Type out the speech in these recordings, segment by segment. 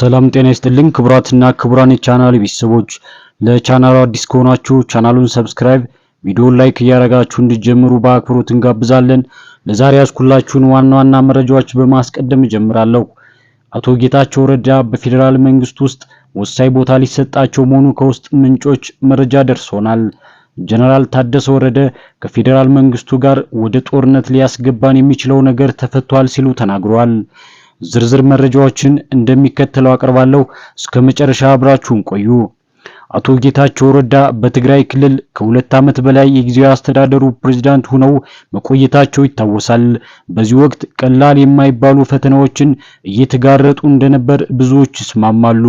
ሰላም ጤና ይስጥልኝ ክቡራትና ክቡራን የቻናል ቤተሰቦች፣ ለቻናሉ አዲስ ከሆናችሁ ቻናሉን ሰብስክራይብ፣ ቪዲዮን ላይክ እያደረጋችሁ እንዲጀምሩ በአክብሮት እንጋብዛለን። ለዛሬ ያስኩላችሁን ዋና ዋና መረጃዎች በማስቀደም እጀምራለሁ። አቶ ጌታቸው ረዳ በፌዴራል መንግስት ውስጥ ወሳኝ ቦታ ሊሰጣቸው መሆኑ ከውስጥ ምንጮች መረጃ ደርሶናል። ጀነራል ታደሰ ወረደ ከፌዴራል መንግስቱ ጋር ወደ ጦርነት ሊያስገባን የሚችለው ነገር ተፈቷል ሲሉ ተናግረዋል። ዝርዝር መረጃዎችን እንደሚከተለው አቀርባለሁ። እስከ መጨረሻ አብራችሁን ቆዩ። አቶ ጌታቸው ረዳ በትግራይ ክልል ከሁለት ዓመት በላይ የጊዜያዊ አስተዳደሩ ፕሬዝዳንት ሆነው መቆየታቸው ይታወሳል። በዚህ ወቅት ቀላል የማይባሉ ፈተናዎችን እየተጋረጡ እንደነበር ብዙዎች ይስማማሉ።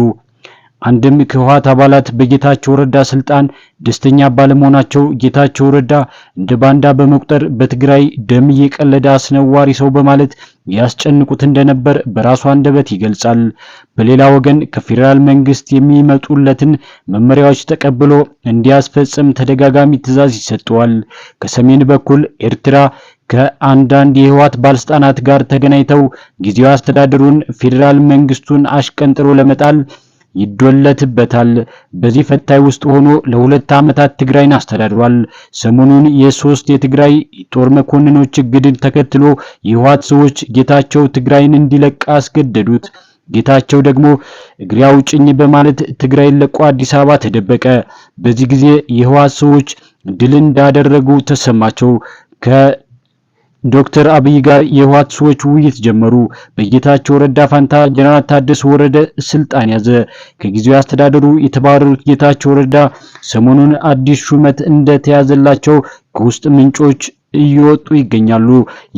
አንድም ከህወሓት አባላት በጌታቸው ረዳ ስልጣን ደስተኛ ባለመሆናቸው ጌታቸው ረዳ እንደ ባንዳ በመቁጠር በትግራይ ደም እየቀለደ አስነዋሪ ሰው በማለት ያስጨንቁት እንደነበር በራሱ አንደበት ይገልጻል። በሌላ ወገን ከፌዴራል መንግስት የሚመጡለትን መመሪያዎች ተቀብሎ እንዲያስፈጽም ተደጋጋሚ ትዕዛዝ ይሰጠዋል። ከሰሜን በኩል ኤርትራ ከአንዳንድ የህወሓት ባለስልጣናት ጋር ተገናኝተው ጊዜያዊ አስተዳደሩን ፌዴራል መንግስቱን አሽቀንጥሮ ለመጣል ይዶለትበታል። በዚህ ፈታኝ ውስጥ ሆኖ ለሁለት ዓመታት ትግራይን አስተዳድሯል። ሰሞኑን የሶስት የትግራይ ጦር መኮንኖች እግድን ተከትሎ የህወሓት ሰዎች ጌታቸው ትግራይን እንዲለቅ አስገደዱት። ጌታቸው ደግሞ እግሬ አውጭኝ በማለት ትግራይን ለቆ አዲስ አበባ ተደበቀ። በዚህ ጊዜ የህወሓት ሰዎች ድል እንዳደረጉ ተሰማቸው። ዶክተር አብይ ጋር የህወሓት ሰዎች ውይይት ጀመሩ። በጌታቸው ረዳ ፋንታ ጀነራል ታደሰ ወረደ ስልጣን ያዘ። ከጊዜያዊ አስተዳደሩ የተባረሩት ጌታቸው ረዳ ሰሞኑን አዲስ ሹመት እንደተያዘላቸው ከውስጥ ምንጮች እየወጡ ይገኛሉ።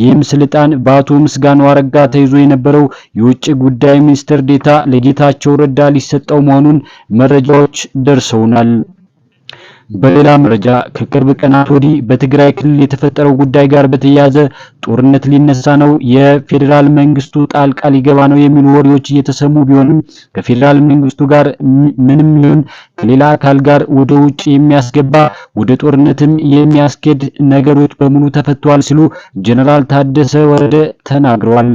ይህም ስልጣን በአቶ ምስጋን አረጋ ተይዞ የነበረው የውጭ ጉዳይ ሚኒስትር ዴታ ለጌታቸው ረዳ ሊሰጠው መሆኑን መረጃዎች ደርሰውናል። በሌላ መረጃ ከቅርብ ቀናት ወዲህ በትግራይ ክልል የተፈጠረው ጉዳይ ጋር በተያያዘ ጦርነት ሊነሳ ነው፣ የፌዴራል መንግስቱ ጣልቃ ሊገባ ነው የሚሉ ወሬዎች እየተሰሙ ቢሆንም ከፌዴራል መንግስቱ ጋር ምንም ይሁን ከሌላ አካል ጋር ወደ ውጭ የሚያስገባ ወደ ጦርነትም የሚያስኬድ ነገሮች በሙሉ ተፈቷል ሲሉ ጀነራል ታደሰ ወረደ ተናግረዋል።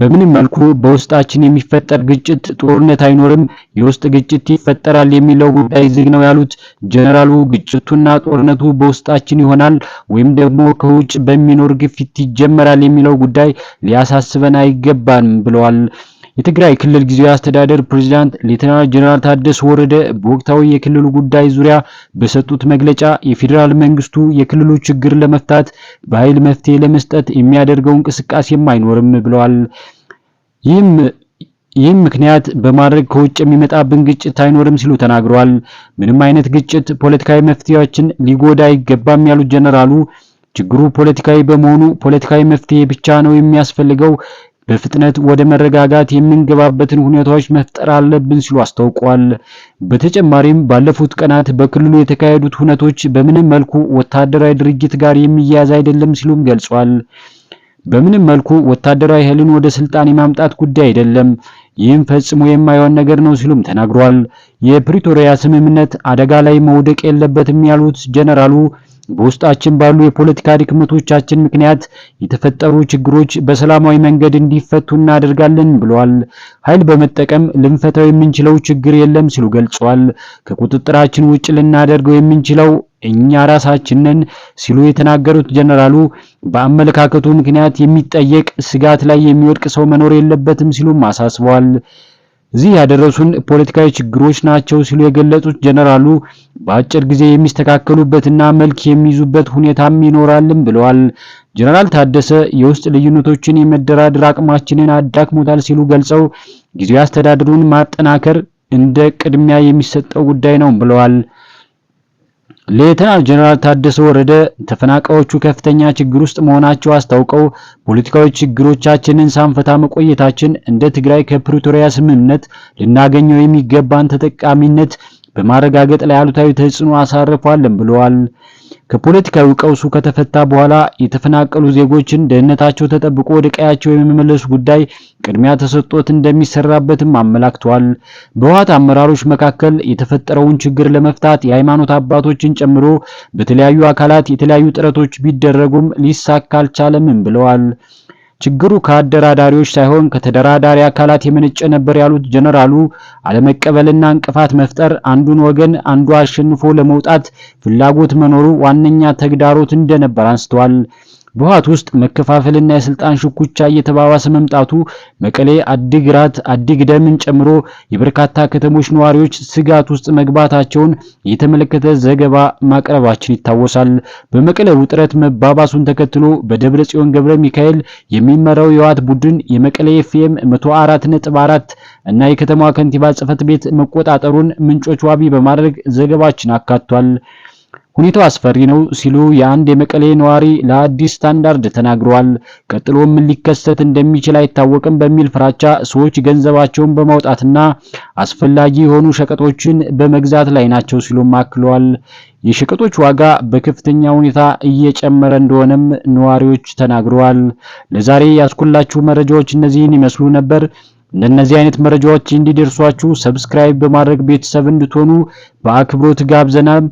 በምንም መልኩ በውስጣችን የሚፈጠር ግጭት፣ ጦርነት አይኖርም፣ የውስጥ ግጭት ይፈጠራል የሚለው ጉዳይ ዝግ ነው ያሉት ጀነራሉ ግጭቱና ጦርነቱ በውስጣችን ይሆናል ወይም ደግሞ ከውጭ በሚኖር ግፊት ይጀመራል የሚለው ጉዳይ ሊያሳስበን አይገባም ብለዋል። የትግራይ ክልል ጊዜያዊ አስተዳደር ፕሬዚዳንት ሌተናል ጀነራል ታደሰ ወረደ በወቅታዊ የክልሉ ጉዳይ ዙሪያ በሰጡት መግለጫ የፌዴራል መንግስቱ የክልሉ ችግር ለመፍታት በኃይል መፍትሄ ለመስጠት የሚያደርገው እንቅስቃሴ አይኖርም ብለዋል። ይህም ይህም ምክንያት በማድረግ ከውጭ የሚመጣብን ግጭት አይኖርም ሲሉ ተናግረዋል። ምንም አይነት ግጭት ፖለቲካዊ መፍትሄዎችን ሊጎዳ አይገባም ያሉት ጀነራሉ ችግሩ ፖለቲካዊ በመሆኑ ፖለቲካዊ መፍትሄ ብቻ ነው የሚያስፈልገው። በፍጥነት ወደ መረጋጋት የምንገባበትን ሁኔታዎች መፍጠር አለብን ሲሉ አስታውቋል። በተጨማሪም ባለፉት ቀናት በክልሉ የተካሄዱት ሁነቶች በምንም መልኩ ወታደራዊ ድርጊት ጋር የሚያያዝ አይደለም ሲሉም ገልጿል። በምንም መልኩ ወታደራዊ ኃይልን ወደ ስልጣን የማምጣት ጉዳይ አይደለም፣ ይህም ፈጽሞ የማይሆን ነገር ነው ሲሉም ተናግሯል። የፕሪቶሪያ ስምምነት አደጋ ላይ መውደቅ የለበትም ያሉት ጀነራሉ በውስጣችን ባሉ የፖለቲካ ድክመቶቻችን ምክንያት የተፈጠሩ ችግሮች በሰላማዊ መንገድ እንዲፈቱ እናደርጋለን ብለዋል። ኃይል በመጠቀም ልንፈታው የምንችለው ችግር የለም ሲሉ ገልጸዋል። ከቁጥጥራችን ውጭ ልናደርገው የምንችለው እኛ ራሳችንን ሲሉ የተናገሩት ጀነራሉ በአመለካከቱ ምክንያት የሚጠየቅ ስጋት ላይ የሚወድቅ ሰው መኖር የለበትም ሲሉም አሳስበዋል። እዚህ ያደረሱን ፖለቲካዊ ችግሮች ናቸው ሲሉ የገለጹት ጀነራሉ በአጭር ጊዜ የሚስተካከሉበትና መልክ የሚይዙበት ሁኔታም ይኖራልም ብለዋል። ጀነራል ታደሰ የውስጥ ልዩነቶችን የመደራደር አቅማችንን አዳክሞታል ሲሉ ገልጸው ጊዜያዊ አስተዳደሩን ማጠናከር እንደ ቅድሚያ የሚሰጠው ጉዳይ ነው ብለዋል። ሌተናል ጀነራል ታደሰ ወረደ ተፈናቃዮቹ ከፍተኛ ችግር ውስጥ መሆናቸው አስታውቀው ፖለቲካዊ ችግሮቻችንን ሳንፈታ መቆየታችን እንደ ትግራይ ከፕሪቶሪያ ስምምነት ልናገኘው የሚገባን ተጠቃሚነት በማረጋገጥ ላይ አሉታዊ ተጽዕኖ አሳርፏልን ብለዋል። ከፖለቲካዊ ቀውሱ ከተፈታ በኋላ የተፈናቀሉ ዜጎችን ደህንነታቸው ተጠብቆ ወደ ቀያቸው የመመለሱ ጉዳይ ቅድሚያ ተሰጥቶት እንደሚሰራበትም አመላክተዋል። በህወሓት አመራሮች መካከል የተፈጠረውን ችግር ለመፍታት የሃይማኖት አባቶችን ጨምሮ በተለያዩ አካላት የተለያዩ ጥረቶች ቢደረጉም ሊሳካ አልቻለምም ብለዋል። ችግሩ ከአደራዳሪዎች ሳይሆን ከተደራዳሪ አካላት የመነጨ ነበር ያሉት ጀነራሉ አለመቀበልና እንቅፋት መፍጠር፣ አንዱን ወገን አንዱ አሸንፎ ለመውጣት ፍላጎት መኖሩ ዋነኛ ተግዳሮት እንደነበር አንስተዋል። በህወሓት ውስጥ መከፋፈልና የስልጣን ሽኩቻ እየተባባሰ መምጣቱ መቀሌ፣ አዲግራት፣ አዲግደምን ጨምሮ የበርካታ ከተሞች ነዋሪዎች ስጋት ውስጥ መግባታቸውን የተመለከተ ዘገባ ማቅረባችን ይታወሳል። በመቀሌ ውጥረት መባባሱን ተከትሎ በደብረ ጽዮን ገብረ ሚካኤል የሚመራው የህወሓት ቡድን የመቀሌ ኤፍኤም 104.4 እና የከተማዋ ከንቲባ ጽህፈት ቤት መቆጣጠሩን ምንጮች ዋቢ በማድረግ ዘገባችን አካቷል። ሁኔታው አስፈሪ ነው ሲሉ የአንድ የመቀሌ ነዋሪ ለአዲስ ስታንዳርድ ተናግረዋል። ቀጥሎ ምን ሊከሰት እንደሚችል አይታወቅም በሚል ፍራቻ ሰዎች ገንዘባቸውን በማውጣትና አስፈላጊ የሆኑ ሸቀጦችን በመግዛት ላይ ናቸው ሲሉም አክለዋል። የሸቀጦች ዋጋ በከፍተኛ ሁኔታ እየጨመረ እንደሆነም ነዋሪዎች ተናግረዋል። ለዛሬ ያስኩላችሁ መረጃዎች እነዚህን ይመስሉ ነበር። እንደነዚህ አይነት መረጃዎች እንዲደርሷችሁ ሰብስክራይብ በማድረግ ቤተሰብ እንድትሆኑ በአክብሮት ጋብዘናል።